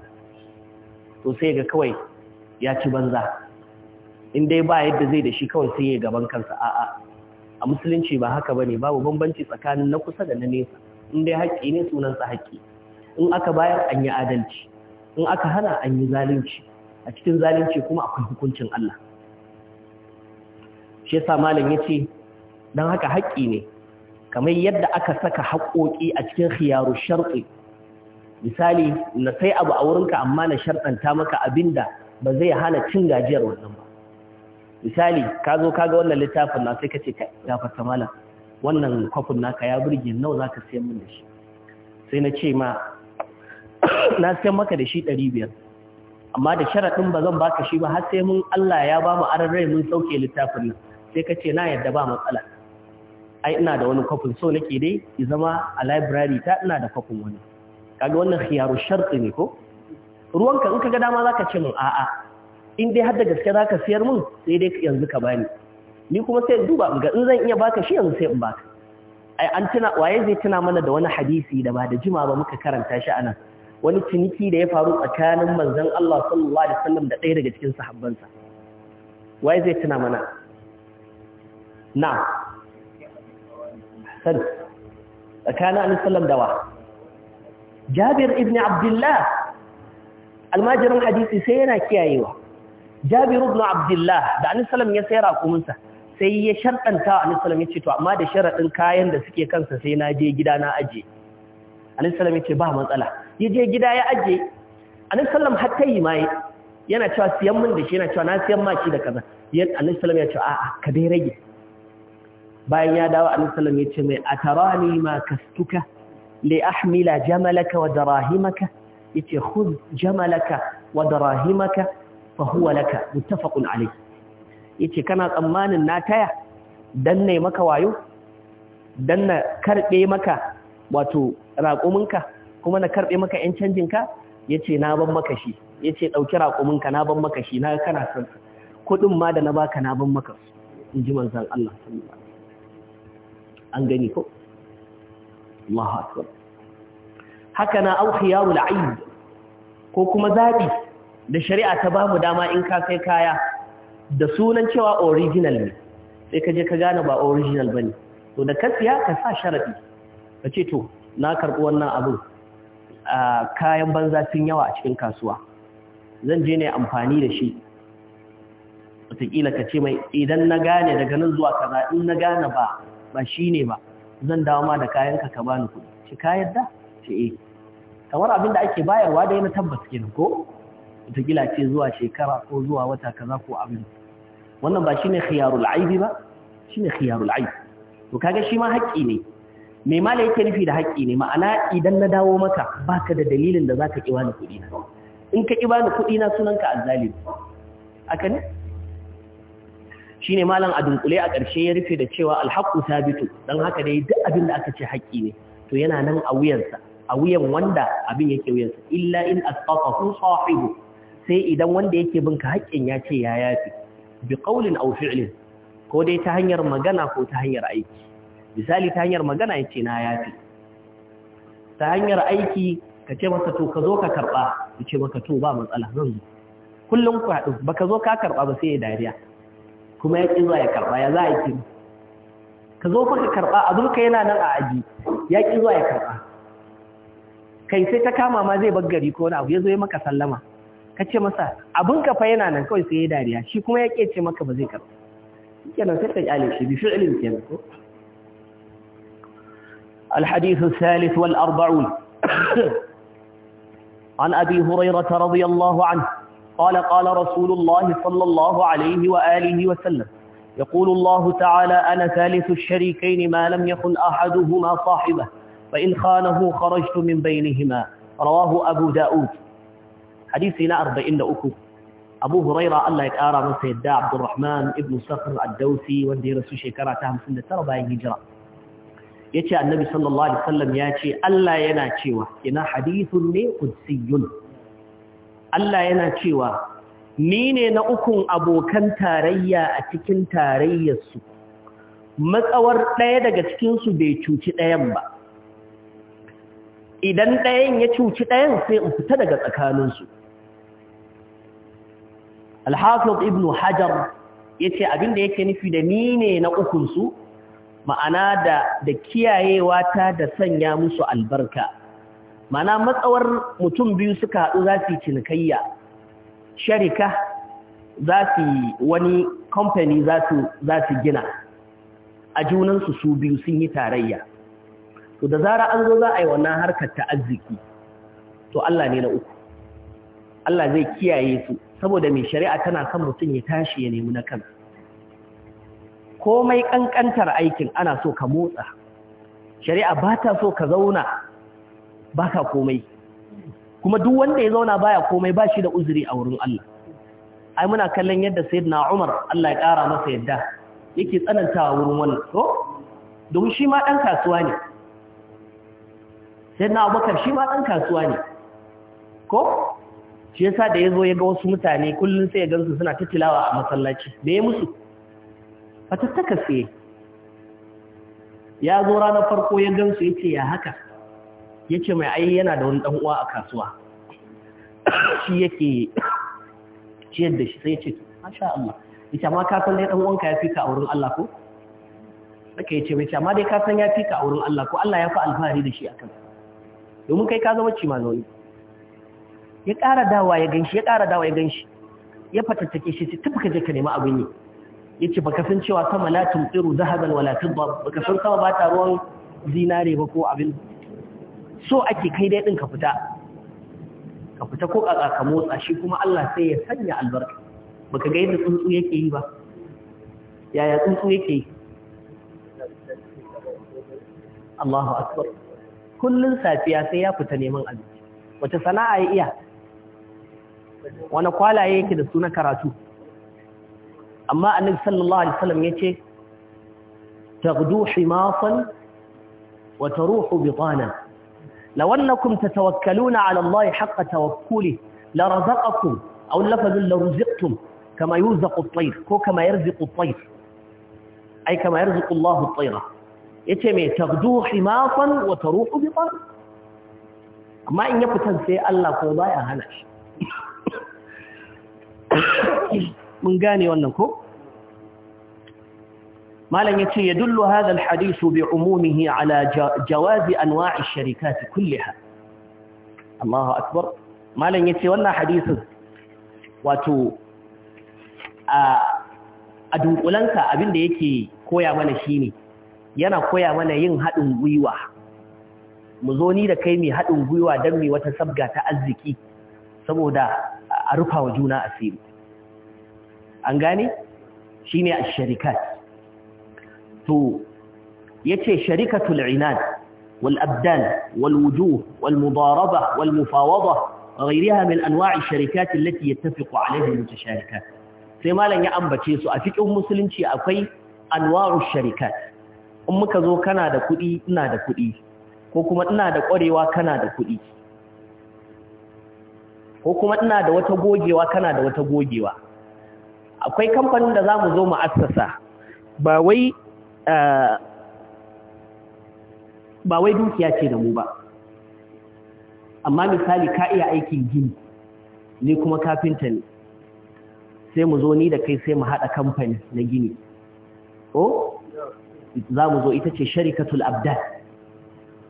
to sai ga kawai ya ci banza in dai ba yadda zai da shi kawai sai ya gaban kansa a a musulunci ba haka ba ne, babu bambanci tsakanin na kusa da na nesa in dai haƙƙi ne sunansa haƙƙi in aka bayar an yi adalci in aka hana an yi zalunci a cikin zalunci kuma akwai hukuncin Allah shi yasa malam yace dan haka haƙƙi ne kamar yadda aka saka haƙoƙi a cikin khiyaru sharqi misali na sai abu a wurinka amma na sharɗanta maka abinda ba zai hana cin gajiyar wannan ba misali ka zo ka ga wannan littafin na sai ka ce ya fata malam wannan kwafin naka ya burge nawa zaka sayan min da shi sai na ce ma na sayan maka da shi 500 amma da sharaɗin ba zan baka shi ba har sai mun Allah ya ba mu ararrai mun sauke littafin nan sai ka ce na yadda ba matsala ai ina da wani kwafin so nake dai i zama a library ta ina da kwafin wani kaga wannan khiyaru sharti ne ko ruwanka in ka ga dama zaka ce min a'a in dai har da gaske zaka siyar min sai dai yanzu ka bani ni kuma sai duba in ga in zan iya baka shi yanzu sai in baka ai an tuna waye zai tuna mana da wani hadisi da ba da jima ba muka karanta shi anan wani ciniki da ya faru tsakanin manzon Allah sallallahu alaihi wasallam da ɗaya daga cikin sahabbansa waye zai tuna mana na sani tsakanin alisallam dawa jabir ibn abdullah almajirin hadisi sai yana kiyayewa jabir ibn abdullah da alisallam ya sayar akuminsa sai ya sharɗanta alisallam ya ce to amma da sharaɗin kayan da suke kansa sai na je gida na ajiye alisallam ya ce ba matsala ya je gida ya ajiye alisallam hatta yi ma yana cewa siyan min da shi yana cewa na siyan ma shi da kaza yan alisallam ya ce a'a ka dai rage bayan ya dawo annabi sallallahu alaihi ya ce mai atarani ma kastuka li ahmila jamalaka wa darahimaka yace khudh jamalaka wa darahimaka fa huwa laka muttafaqun alayh yace kana tsammanin na taya dan ne maka wayo dan na karbe maka wato raƙuminka kuma na karbe maka yan canjinka yace na ban maka shi yace dauki raƙuminka na ban maka shi na kana son kudin ma da na baka na ban maka su inji manzon Allah sallallahu alaihi wasallam an gani ko Allahu akbar haka na au khiyarul aib ko kuma zabi da shari'a ta bamu dama in ka kai kaya da sunan cewa original ne sai ka je ka gane ba original bane to da kasiya ka sa sharadi kace to na karbi wannan a kayan banza sun yawa a cikin kasuwa zan je ne amfani da shi wataƙila ka ce mai idan na gane daga nan zuwa kaza in na gane ba ba shi ne ba zan dawo ma da kayanka ka bani kuɗi shi ka yadda shi eh kamar abin da ake bayarwa dai na tabbas kenan ko wataƙila ce zuwa shekara ko zuwa wata kaza ko abin wannan ba shine khiyarul aibi ba shine khiyarul aibi to kaga shi ma haƙƙi ne me mala yake nufi da haƙƙi ne ma'ana idan na dawo maka baka da dalilin da zaka ki bani kuɗi na in ka ki bani kuɗi na sunanka azzalimi haka ne Shi ne malam a dunkule a ƙarshe ya rufe da cewa alhaqu sabitu don haka dai duk abin da aka ce haƙƙi ne to yana nan a wuyansa a wuyan wanda abin yake wuyansa illa in asqatahu sahibu sai idan wanda yake binka haƙƙin ya ce ya yafi bi qawlin aw fi'lin ko dai ta hanyar magana ko ta hanyar aiki misali ta hanyar magana ya ce na yafi ta hanyar aiki ka ce masa to ka zo ka karɓa ya ce maka to ba matsala zan zo kullum ku haɗu baka zo ka karɓa ba sai ya dariya kuma ya ƙi zuwa ya karɓa ya za a yi ka zo fa ka karɓa abinka yana nan a aji ya ƙi zuwa ya karɓa kai sai ta kama ma zai baggari ko wani abu ya zo ya maka sallama ka ce masa abinka fa yana nan kawai sai ya dariya shi kuma ya ƙi ce maka ba zai karɓa kenan sai ka ƙyale shi bi fi'ilin kenan ko الحديث الثالث والأربعون عن أبي هريرة رضي الله عنه قال قال رسول الله صلى الله عليه وآله وسلم يقول الله تعالى أنا ثالث الشريكين ما لم يخن أحدهما صاحبه فإن خانه خرجت من بينهما رواه أبو داود حديثنا أربعين أكو أبو هريرة الله يتآرى من سيداء عبد الرحمن ابن سفر الدوسي وندي رسول شكرا تهم سنة تربا يجرى يتي النبي صلى الله عليه وسلم ياتي ألا يناتي وحكنا حديث قدسي Allah yana cewa ni ne na ukun abokan tarayya a cikin tarayyarsu matsawar ɗaya daga cikinsu bai cuci ɗayan ba idan ɗayan ya cuci ɗayan sai in fita daga tsakaninsu alhafiz ibn hajar ya ce abinda yake nufi da ni ne na ukunsu ma'ana da kiyayewa ta da sanya musu albarka mana matsawar mutum biyu suka haɗu za su yi cinikayya sharika za su yi wani kamfani za su gina a junansu su biyu sun yi tarayya to da zara an zo za a yi wannan harkar ta arziki to Allah ne na uku Allah zai kiyaye su saboda mai shari'a tana kan mutum ya tashi ya nemi na kan. komai ƙanƙantar aikin ana so ka motsa shari'a ba ta so ka zauna baka komai kuma duk wanda ya zauna baya komai ba shi da uzuri a wurin Allah ai muna kallon yadda sayyidina Umar Allah ya kara masa yadda yake tsanantawa wurin wannan to don shi ma dan kasuwa ne sayyidina Abubakar shi ma dan kasuwa ne ko shi yasa da yazo ya ga wasu mutane kullun sai ya gansu suna ta tilawa a masallaci da ya musu fatattaka sai ya zo ranar farko ya gansu yace ya haka ya ce mai ai yana da wani uwa a kasuwa shi yake ciyar da shi sai ce masha Allah ya ce amma kasan dai ɗan'uwanka ya fi ka a wurin Allah ko? ka yi ce mai ce amma dai kasan ya fi ka a wurin Allah ko Allah ya fi alfahari da shi a kan domin kai ka zama cima zaune ya ƙara dawa ya ganshi ya ƙara dawa ya shi ya fatattake shi tafi ka je ka nemi abin yi ya ce baka san cewa sama la tumtsiru zahaban wala tudda baka san sama ba ta ruwan zinare ba ko abin so ake kai dai din ka fita ka fita ko a ka motsa shi kuma Allah sai ya sanya albarka baka ga yadda tsuntsu yake yi ba yaya tsuntsu yake yi Allahu akbar kullun safiya sai ya fita neman abinci wata sana'a ya iya wani kwalaye yake da suna karatu amma annabi sallallahu alaihi wasallam yace taghdu himasan wa taruhu bitana لو أنكم تتوكلون على الله حق توكله لرزقكم أو اللفظ لرزقتم كما يرزق الطير كو كما يرزق الطير أي كما يرزق الله الطيرة يتمي تغدو حماصا وتروح بطار ما إن يكتن سي الله يا هنش من قاني وأنكم malam yace yadullu hadha alhadith bi umumihi ala jawazi anwa'i sharikat kulliha Allahu akbar malam ce wannan hadisin wato a a abinda abin da yake koya mana shine yana koya mana yin haɗin gwiwa mu zo ni da kai mai haɗin gwiwa don mai wata sabga ta arziki saboda a rufa wa juna asiri an gane shine ash-sharikat to yace sharikatul inad wal abdan wal wujuh wal mudaraba wal mufawada ghayriha min anwa'i al sharikat allati yattafiqu 'alayha al mutasharikat sai malan ya ambace su a cikin musulunci akwai anwa'u sharikat in muka zo kana da kuɗi ina da kuɗi ko kuma ina da ƙwarewa kana da ko kuma ina da wata gogewa kana da wata gogewa akwai kamfanin da za mu zo mu assasa ba wai ba wai dukiya ce da mu ba amma misali ka iya aikin gini ni kuma kafinta ne sai mu zo ni da kai sai mu haɗa kamfani na gini o za mu zo ita ce sharikatul Abda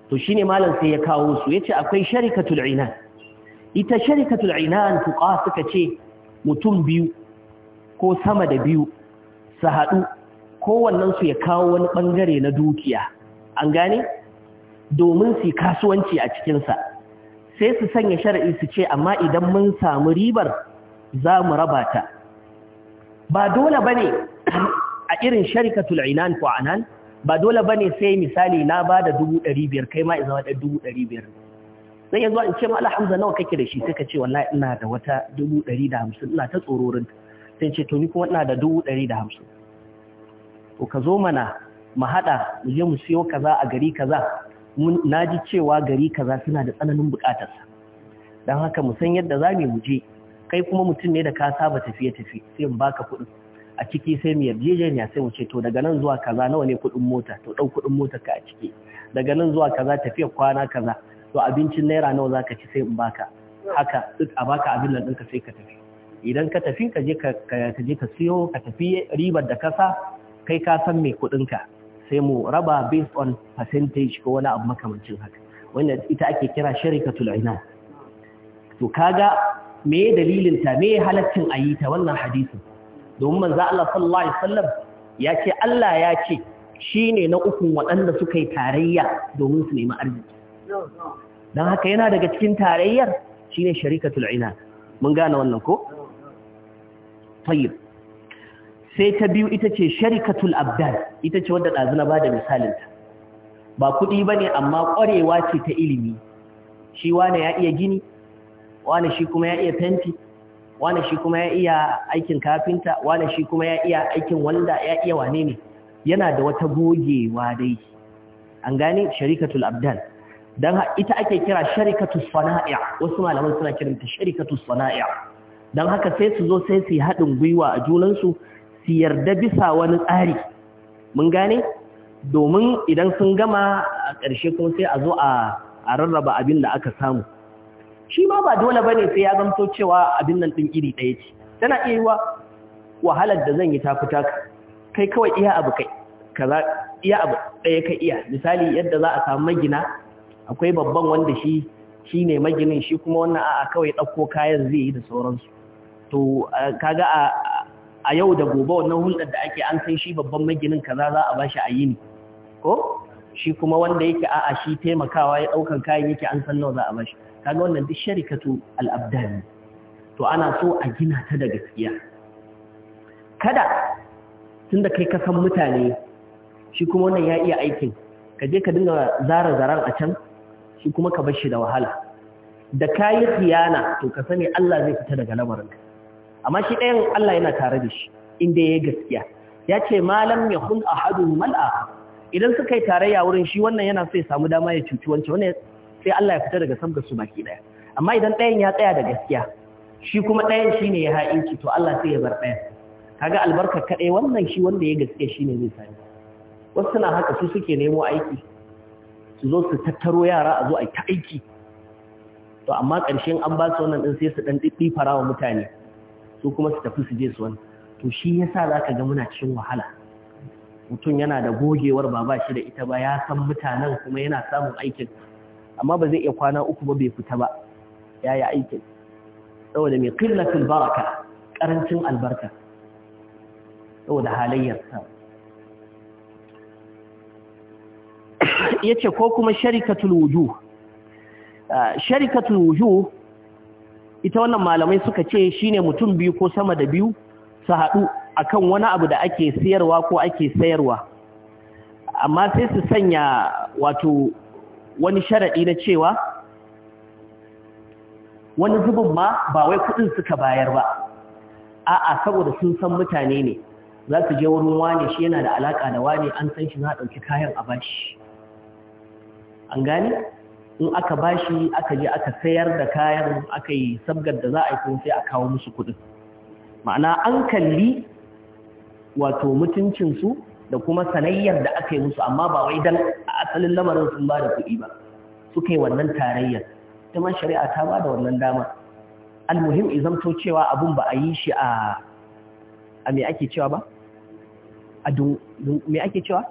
to shine malam sai ya kawo su yace akwai sharikatul inan ita sharikatul inan fuqa suka ce mutum biyu ko sama da biyu su haɗu kowannensu ya kawo wani ɓangare na dukiya an gane domin su kasuwanci a cikinsa sai su sanya shari'i su ce amma idan mun samu ribar za mu raba ta ba dole ba ne a irin sharikatul Tula'inan ko anan ba dole ba ne sai misali na ba da biyar kai ma izama da biyar. zai yanzu an ce ma alhamza nawa kake da shi sai ka ce wallahi ina da wata dubu ɗari da hamsin ina ta tsororin sai ce to ni kuma ina da dubu ɗari da hamsin to ka zo mana mu haɗa mu je mu siyo kaza a gari kaza na ji cewa gari kaza suna da tsananin buƙatarsa don haka mu san yadda za mu je kai kuma mutum ne da ka saba tafiye tafiye sai mu baka kuɗi a ciki sai mu yarjejeniya sai mu ce to daga nan zuwa kaza nawa ne kuɗin mota to ɗau kuɗin mota ka a ciki daga nan zuwa kaza tafiya kwana kaza to abincin naira nawa za ka ci sai in baka haka duk a baka abin nan ɗinka sai ka tafi idan ka tafi ka ka je ka siyo ka tafi ribar da kasa kai ka san mai ka sai mu raba based on percentage ko wani abu makamancin haka wanda ita ake kira sharikatul ina to kaga me dalilin ta me halaccin ayi ta wannan hadisin domin manzo Allah sallallahu alaihi wasallam ya ce Allah ya ce shine na uku waɗanda suka yi tarayya domin su nemi arziki dan haka yana daga cikin tarayyar shine sharikatul ina mun gane wannan ko tayyib sai ta biyu ita ce sharikatul abdan ita ce wadda ɗazu na ba da misalinta ba kuɗi ba ne amma ƙwarewa ce ta ilimi shi wane ya iya gini wane shi kuma ya iya fenti wane shi kuma ya iya aikin kafinta wane shi kuma ya iya aikin wanda ya iya wane ne yana da wata gogewa dai an gane sharikatul abdan dan ita ake kira sharikatus sana'i wasu malaman suna kiranta sharikatus sana'i Don haka sai su zo sai su yi haɗin gwiwa a junansu su yarda bisa wani tsari mun gane domin idan sun gama a ƙarshe kuma sai a zo a rarraba abin da aka samu shi ma ba dole ba ne sai ya zamto cewa abin nan ɗin iri ɗaya ce tana iya yi wahalar da zan yi ta fita kai kawai iya abu kai kaza iya abu ɗaya ka iya misali yadda za a samu magina akwai babban wanda shi shi ne maginin shi kuma wannan a'a kawai ɗauko kayan zai yi da sauransu to kaga a a yau da gobe wannan hulɗar da ake an san shi babban maginin kaza za a bashi a yini ko shi kuma wanda yake a'a shi taimakawa ya ɗaukan kayan yake an san nawa za a bashi kaga wannan duk sharikatu al'abdani to ana so a gina ta da gaskiya kada tunda kai ka san mutane shi kuma wannan ya iya aikin ka je ka dinga zara zaran a can shi kuma ka bar shi da wahala da kayi khiyana to ka sani Allah zai fita daga lamarin ka amma shi ɗayan Allah yana tare da shi inda ya gaskiya ya ce malam ya a ahadu mal'a idan suka yi tarayya wurin shi wannan yana so ya samu dama ya cuci wancan wannan sai Allah ya fita daga samgar su baki ɗaya amma idan ɗayan ya tsaya da gaskiya shi kuma ɗayan shi ne ya ha'inci to Allah sai ya bar ɗayan kaga albarka kaɗai wannan shi wanda ya gaskiya shi ne zai sani wasu suna haka su suke nemo aiki su zo su tattaro yara a zo a yi ta aiki to amma ƙarshen an ba su wannan ɗin sai su ɗan farawa wa mutane su kuma su tafi su je su wani to shi ya sa za ka ga muna cikin wahala mutum yana da gogewar ba ba shi da ita ba ya san mutanen kuma yana samun aikin amma ba zai iya kwana uku ba bai fita ba ya yi aikin saboda mai kirlatin baraka karancin albarka saboda halayyarsa ya ce ko kuma sharikatul wujuh ah, sharikatul wujuh ita wannan malamai suka ce shine mutum biyu ko sama da biyu su haɗu akan wani abu da ake sayarwa ko ake sayarwa amma sai su sanya wato wani sharaɗi na cewa wani zubin ma ba wai kuɗin suka bayar ba a'a saboda sun san mutane ne za su je wurin wane shi yana da alaƙa da wane an san shi za ɗauki kayan a bashi an gane in aka bashi aka je aka sayar da kayan aka yi sabgar da za a yi kuma sai a kawo musu kuɗin ma'ana an kalli wato mutuncinsu da kuma sanayyar da aka yi musu amma ba wai dan a asalin lamarin sun ba da kuɗi ba suka yi wannan tarayyar ta ma shari'a ta ba da wannan dama almuhim to cewa abun ba a yi shi a a me ake cewa ba a me ake cewa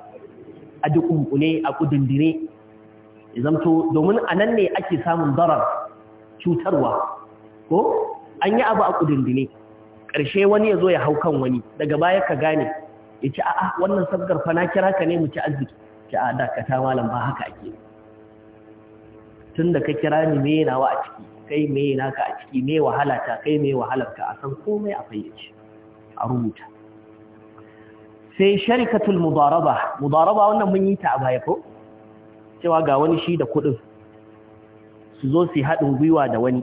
a dukunkune a kudindire izamto domin a nan ne ake samun darar cutarwa ko an yi abu a kudindine ƙarshe wani ya zo ya hau kan wani daga baya ka gane ya ci a'a wannan sabgar fa na kira ka ne mu ci arziki ci a dakata malam ba haka ake tun da ka kira ni me yana wa a ciki kai me yana ka a ciki me wahala ta kai me wahalar ka a san komai a fayyace a rubuta sai sharikatul mudaraba mudaraba wannan mun yi ta a baya ko cewa ga wani shi da kuɗin su zo su haɗin gwiwa da wani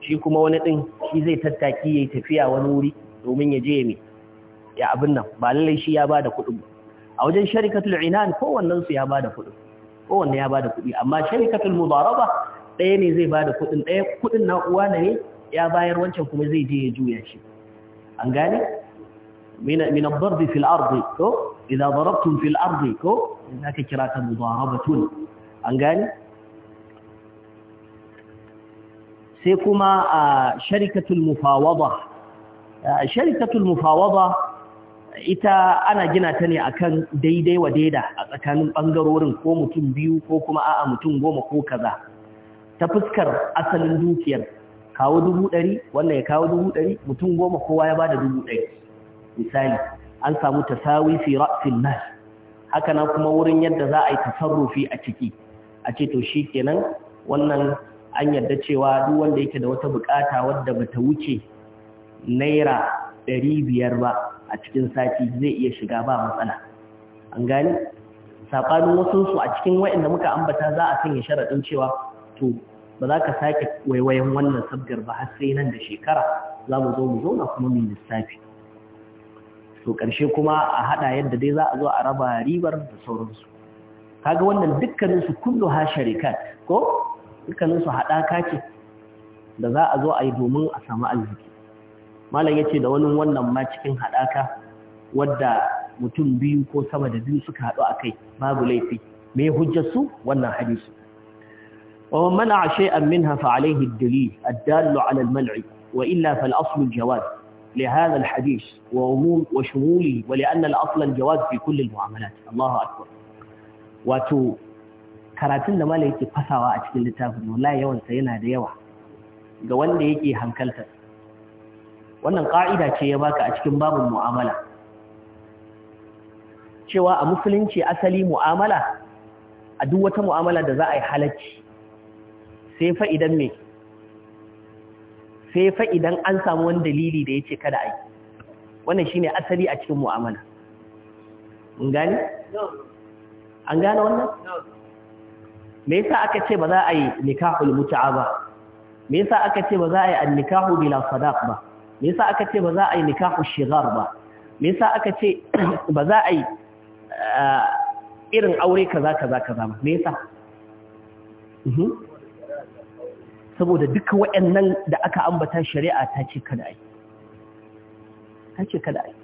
shi kuma wani ɗin shi zai tattaki ya yi tafiya wani wuri domin ya je ya mai ya abin nan ba lallai shi ya ba da kuɗin ba a wajen sharikatul inan kowannen su ya ba da kuɗin kowanne ya ba da kuɗi amma sharikatul Mubaraba ɗaya ne zai ba da kuɗin ɗaya kuɗin na uwa ne ya bayar wancan kuma zai je ya juya shi an gane من min ad-darb fi al-ard ko idza darabtum fi al-ard ko an gane sai kuma a sharikatul mufawada sharikatul mufawada ita ana gina ta ne akan daidai wa daida a tsakanin bangarorin ko mutum biyu ko kuma a'a mutum goma ko kaza ta fuskar asalin dukiyar kawo dubu ɗari wannan ya kawo dubu ɗari mutum goma kowa ya bada dubu ɗari misali an samu tasawi fi ra'fin nas haka na kuma wurin yadda za a yi tasarrufi a ciki a ce to shi kenan wannan an yarda cewa duk wanda yake da wata bukata wadda bata wuce naira ɗari biyar ba a cikin sati zai iya shiga ba matsala an gani saɓanin wasunsu a cikin wa'inda muka ambata za a sanya sharaɗin cewa to ba za ka sake waiwayen wannan sabgar ba har sai nan da shekara za mu zo mu zauna kuma mu lissafi to ƙarshe kuma a haɗa yadda dai za a zo a raba ribar da sauransu kaga wannan dukkanin su kullu ha sharikat ko dukkanin su hadaka ce da za a zo a yi domin a samu arziki malam yace da wani wannan ma cikin hadaka wadda mutum biyu ko sama da biyu suka haɗu akai babu laifi me hujjar su wannan hadisi wa mana mana'a shay'an minha fa alayhi ad-dalil ad-dallu 'ala al-man'i wa illa fa al-aslu al-jawaz لهذا الحديث وعموم وشموله ولأن الأصل الجواز في كل المعاملات wato karatun da mala yake fasawa a cikin littafin wallahi yawansa yana da yawa ga wanda yake hankalta wannan ƙa'ida ce ya baka a cikin babin mu'amala cewa a musulunci asali mu'amala a duk wata mu'amala da za a yi halacci sai fa idan me sai fa idan an samu wani dalili da ya ce kada a yi wannan shine asali a cikin mu'amala mun gani an gane wannan me yasa aka ce ba za a yi nikahul muta'a ba me yasa aka ce ba za a yi annikahu bila sadaq ba me yasa aka ce ba za a yi nikahu shigar ba me yasa aka ce ba za a yi eh, irin aure kaza kaza kaza ba me yasa mhm. saboda duka waɗannan da aka ambata shari'a ta ce kada ai ta ce kada ai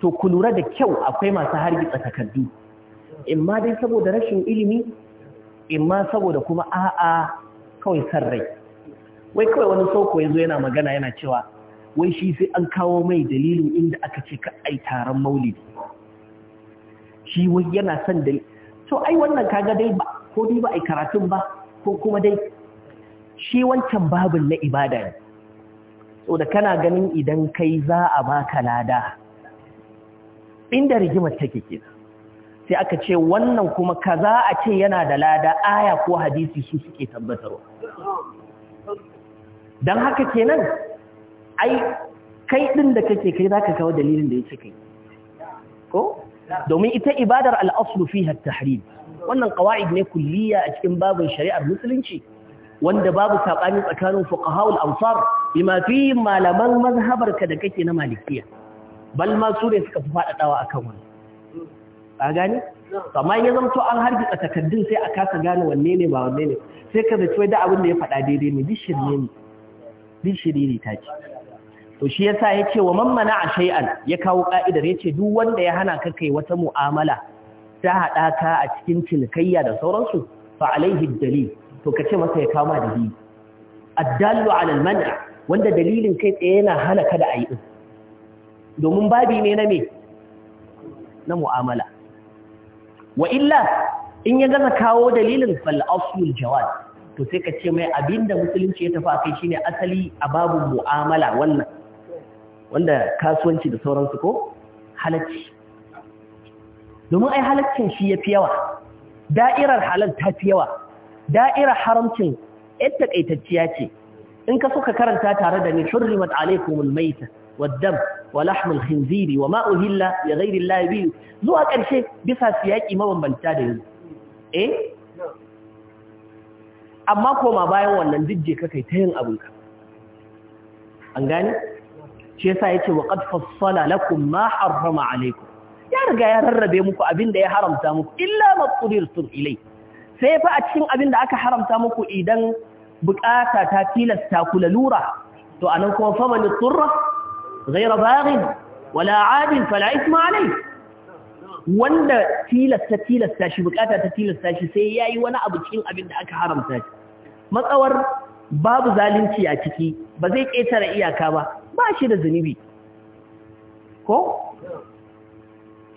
to ku lura da kyau akwai masu hargitsa takardu in ma dai saboda rashin ilimi in ma saboda kuma a'a kawai san rai wai kawai wani sauko ya zo yana magana yana cewa wai shi sai an kawo mai dalilin inda aka ce ka taron maulidi shi wai yana son dalilin. to ai wannan kaga dai ba ko dai ba ai karatun ba ko kuma dai shi wancan babin na ibada ne so da kana ganin idan kai za a baka lada inda rigimar take kenan sai aka ce wannan kuma kaza a ce yana da lada aya ko hadisi su suke tabbatarwa don haka kenan ai kai din da kake kai zaka kawo dalilin da ce kai ko domin ita ibadar al-aslu fiha at-tahrim wannan qawaid ne kulliya a cikin babin shari'ar musulunci wanda babu sabani tsakanin fuqaha ansar bima fi malaman mazhabarka da kake na malikiya bal ma su ne suka fi fadadawa akan wannan a gani amma ya zamto an hargitsa takardun sai a kasa gane wanne ne ba wanne ne sai ka zaci wai da abin da ya faɗa daidai ne bishir ne ne ta ce to shi yasa ya ce wa mammana a shay'an ya kawo ka'idar ya ce duk wanda ya hana ka kai wata mu'amala ta haɗa ka a cikin cinikayya da sauransu fa alaihi dalil to ka ce masa ya kama dalili addallu ala alman'a wanda dalilin kai tsaye yana hana ka da ayi domin babi ne na me na mu'amala wa illa in ya gaza kawo dalilin fal jawad jawaz to sai ka ce mai abinda musulunci ya tafi akai shine asali a babu mu'amala wannan wanda kasuwanci da sauransu ko halacci domin ai halaccin shi ya fi yawa da'irar halal ta fi yawa da'irar haramcin yadda takaitacciya ce in ka ka karanta tare da ni shurrimat alaikumul maitah والدم ولحم الخنزير وما أهل لغير الله به زوا كرشي بسا سياقي mabambanta da yanzu eh amma koma bayan wannan dijje kakai ta yin abinka an gane shi yasa yace wa qad fassala ma harrama alaykum ya riga ya rarrabe muku abin da ya haramta muku illa ma qudirtum ilay sai fa a cikin abin da aka haramta muku idan buƙata ta filasta ku lalura to nan kuma faman tsura. غير باغ ولا عاد فلا إثم عليه wanda tilasta tilasta shi bukata ta tilasta shi sai yayi wani abu cikin abin da aka haramta shi matsawar babu zalunci a ciki ba zai ƙetare iyaka ba ba shi da zunubi ko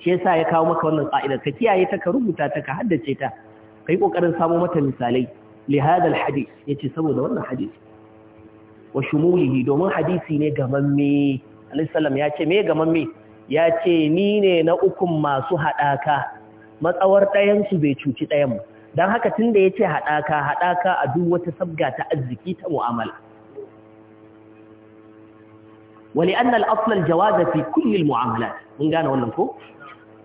shi yasa ya kawo maka wannan ƙa'ida ka kiyaye ta ka rubuta ta ka haddace ta kai kokarin samo mata misalai li hadal hadith yace saboda wannan hadisi wa shumulihi domin hadisi ne gamamme alisalam ya ce me gaman me ya ce ni ne na ukun masu haɗaka matsawar ɗayansu bai cuci ɗayan don haka tun da ya ce haɗaka haɗaka a duk wata sabga ta arziki ta mu'amala wali annal aslal jawaza fi kulli mu'amala. mun gane wannan ko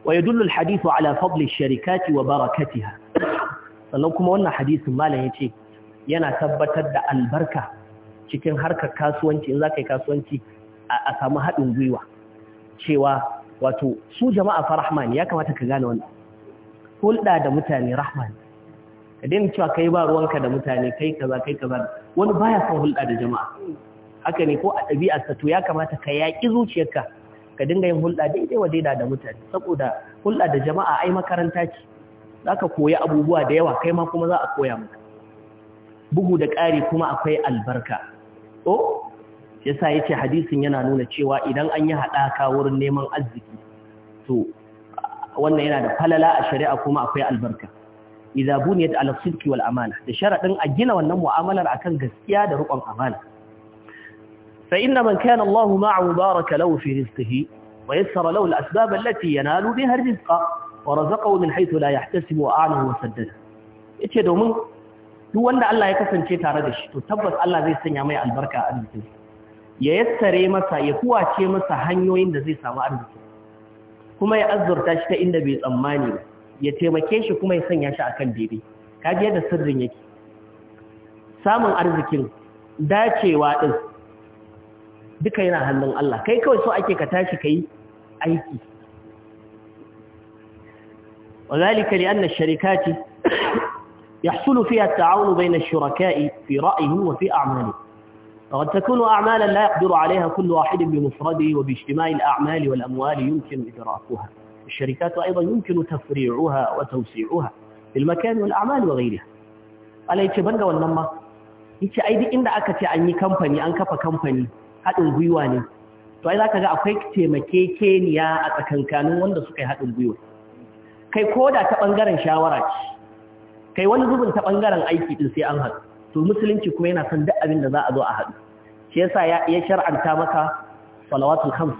ويدل الحديث على فضل الشركات وبركتها sannan kuma wannan hadisin malam yace yana tabbatar da albarka cikin harkar kasuwanci in zaka yi kasuwanci a samu haɗin gwiwa cewa wato su jama'a fa rahman ya kamata ka gane wannan hulɗa da mutane rahman ka dinga cewa kai ba ruwanka da mutane kai kaza kai kaza wani baya son hulɗa da jama'a haka ne ko a sa to ya kamata ka yaƙi zuciyarka ka dinga yin hulɗa daidai wa daida da mutane saboda hulɗa da jama'a ai makaranta ce za ka koyi abubuwa da yawa kai ma kuma za a koya maka bugu da ƙari kuma akwai albarka oh yasa yace hadisin yana nuna cewa idan an yi haɗaka wurin neman arziki to wannan yana da falala a shari'a kuma akwai albarka idza buniyat ala sidqi wal amana da sharadin a gina wannan mu'amalar akan gaskiya da riƙon amana fa inna man kana Allah ma'ahu baraka lahu fi rizqihi wa yassara lahu al asbab allati yanalu biha rizqa wa razaqahu min haythu la yahtasib wa a'lahu wa saddada yace domin duk wanda Allah ya kasance tare da shi to tabbas Allah zai sanya mai albarka a arzikinsa ya yassare masa ya kuwace masa hanyoyin da zai samu arziki kuma ya azurta shi ta inda bai tsammani ba ya taimake shi kuma ya sanya shi akan daidai kaji yadda sirrin yake samun arzikin dacewa din duka yana hannun Allah kai kawai so ake ka tashi kai aiki yahsulu fiha at-ta'awun bayna ash shurakai fi ra'yihi wa fi a'malihi فقد تكون أعمالا لا يقدر عليها كل واحد بمفرده وباجتماع الأعمال والأموال يمكن إدراكها الشركات أيضا يمكن تفريعها وتوسيعها في المكان والأعمال وغيرها على يتبنغ والنمى إيش أيضا إن أكت اني كمباني ان أنكف كمباني هذا الغيواني فإذا كذا أخيك تيمكي كينيا أتكن كانون وندا سكي هذا الغيوان كي كودا تبنغرن شاورات كي وندوبن تبنغرن أيكي تنسي أنهد تو مسلم تكوين أصندق أبين نذاء ذو أهد shi yasa ya shar'anta maka salawatul khams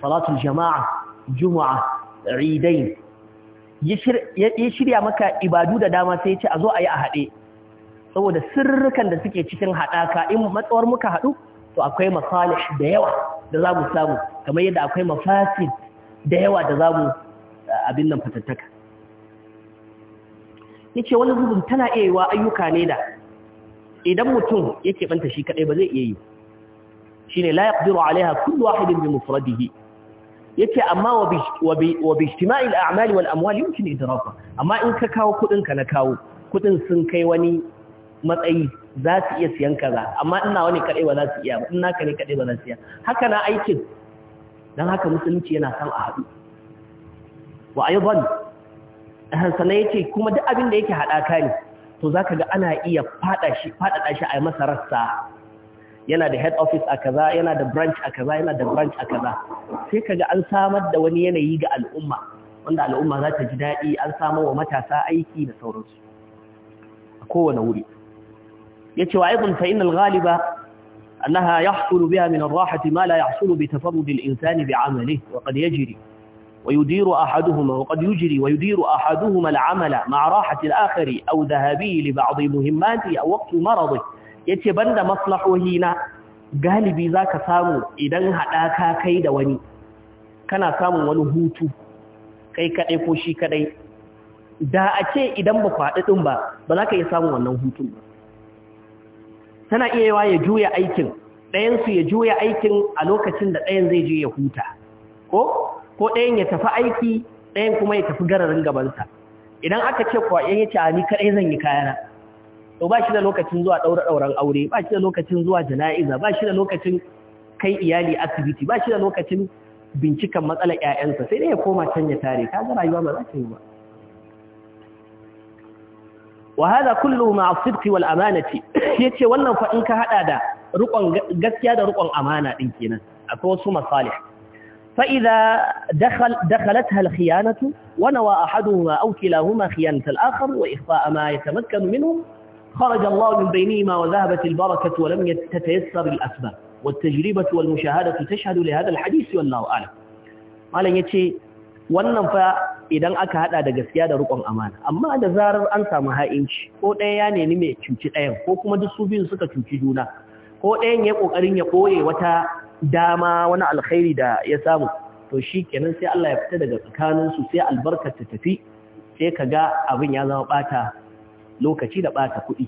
salatul jama'a juma'a idain ya shirya maka ibadu da dama sai ya ce a zo a yi a haɗe saboda sirrukan da suke cikin haɗaka in matsawar muka haɗu to akwai masalih da yawa da za samu kamar yadda akwai mafasid da yawa da za mu eh, abin nan fatattaka yace wani gudun tana iya yiwa ayyuka ne da idan mutum yake banta shi kadai ba zai iya yi Shi ne la yaqdiru alaiha kullu wahidin bi mufradihi Yake amma wa bi ijtima'i al-a'mal wal amwal yumkin idraka amma in ka kawo kudin ka na kawo kudin sun kai wani matsayi za su iya siyan kaza amma ina wani kadai ba za su iya ba ina ka ne kadai ba za su iya haka na aikin dan haka musulunci yana san a haɗu wa ayban sannan ce, kuma duk abin da yake haɗaka ne to za ka ga ana iya faɗaɗa shi a masa rassa yana da head office a kaza yana da branch a kaza yana da branch a kaza sai ka ga an samar da wani yanayi ga al'umma wanda al'umma za ta ji daɗi an samo wa matasa aiki da sauransu a kowane wuri ya ce wa aikun fa'in al-ghaliba annaha ya hasulu biya min rahati ma la ya hasulu bi tafarrudil insani bi amali wa qad yajri ويدير أحدهما وقد يجري ويدير أحدهما العمل مع راحة الآخر أو ذهابه لبعض مهماته أو وقت مرضه يتبند مصلحه هنا galibi za ka samu idan haɗaka kai da wani kana samun wani hutu kai kaɗai ko shi kaɗai da a ce idan ba kwaɗi ɗin ba ba za ka iya samun wannan hutun ba tana iya yawa ya juya aikin ɗayansu ya juya aikin a lokacin da ɗayan zai je ya huta ko ko ɗayan ya tafi aiki ɗayan kuma ya tafi gararin gabansa idan aka ce kuwa ya ce a ni kaɗai zan yi kayana to ba shi da lokacin zuwa ɗaura ɗauran aure ba shi da lokacin zuwa jana'iza ba shi da lokacin kai iyali asibiti ba shi da lokacin bincikan matsalar ƴaƴansa sai dai ya koma can ya tare ka ga rayuwa ba za ta yi ba wa hada kullu ma asidqi wal amanati yace wannan fa in ka hada da rukon gaskiya da rukon amana din kenan akwai wasu masalih فإذا دخل دخلتها الخيانة ونوى أحدهما أو كلاهما خيانة الآخر وإخفاء ما يتمكن منه خرج الله من بينهما وذهبت البركة ولم تتيسر الأسباب والتجربة والمشاهدة تشهد لهذا الحديث والله أعلم قال يتي wannan fa idan aka hada da gaskiya da rukun amana amma da zarar an samu ha'inci ko ɗaya ya nemi mai cuci ɗayan ko kuma duk su biyu suka cuci juna ko ɗayan ya ya wata dama wani alkhairi da ya samu to shi kenan sai Allah ya fita daga tsakaninsu sai albarkar ta tafi sai ka ga abin ya zama bata lokaci da bata kuɗi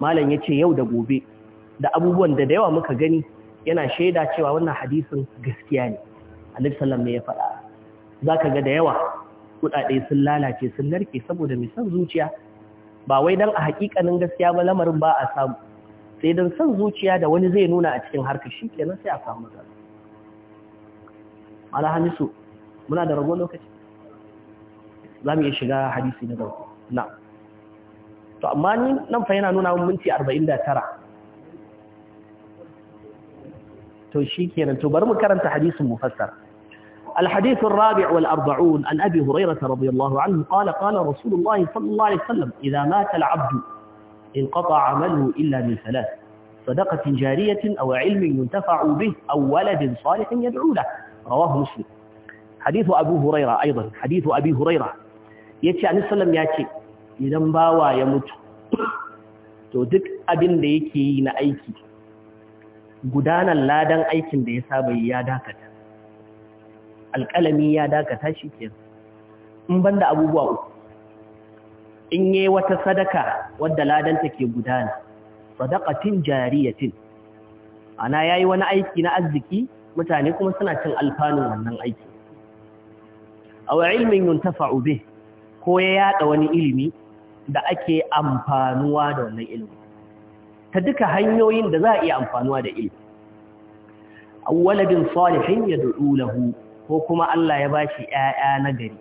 malam ya ce yau da gobe da abubuwan da da yawa muka gani yana shaida cewa wannan hadisin gaskiya ne alif sallam ne ya faɗa za ka ga da yawa kuɗaɗe sun lalace sun narke saboda mai son zuciya ba wai don a haƙiƙanin gaskiya ba lamarin ba a samu sai don son zuciya da wani zai nuna a cikin harkar shi kenan sai a samu matsala ala hamisu muna da rago lokaci za mu iya shiga hadisi na gaba na to amma ni nan fa yana nuna minti 49 to shi kenan to bari mu karanta hadisin mufassar الحديث الرابع والأربعون عن أبي هريرة رضي الله عنه قال قال رسول الله صلى الله عليه وسلم إذا مات العبد انقطع عمله إلا من ثلاث صدقة جارية أو علم ينتفع به أو ولد صالح يدعو له رواه مسلم حديث أبو هريرة أيضا حديث أبي هريرة يتي عن السلام ياتي idan bawa ya mutu to duk abin da yake yi na aiki gudanar ladan aikin da ya saba ya dakata alƙalami ya dakata shi in banda abubuwa uku in yi wata sadaka wadda ladanta ke gudana sadaqatin jariyatin ana yayi wani aiki na arziki mutane kuma suna cin alfanun wannan aiki aw ilmin yuntafa'u bih ko ya yada wani ilimi da ake amfanuwa da wannan ilimi ta duka hanyoyin da za a iya amfanuwa da ilimi aw waladin salihin yad'u lahu ko kuma Allah ya bashi ƴaƴa nagari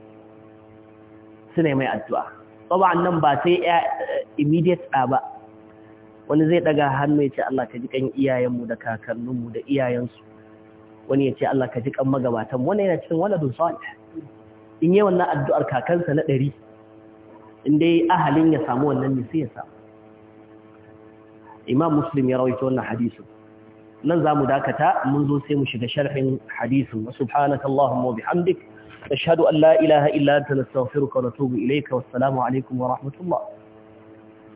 sune mai addu'a Tsaba nan ba sai eh, immediate ɗa ba, wani zai ɗaga hannu ya ce Allah ka ji kan iyayenmu da kakanninmu da iyayensu, wani ya ce Allah ka ji kan magabatan, wani yana cikin waladun salih. In yi wannan addu'ar kakansa na ɗari, in dai ahalin ya samu wannan ne sai ya samu. Imam Muslim ya rawaito wannan hadisin. Nan za mu dakata mun zo sai mu shiga sharhin hadisin. Subhanakallahumma wa bihamdika. nashhadu allah la ilaha illa anta nastaghfiruka na natubu ilayka wassalamu alaikum wa rahmatullah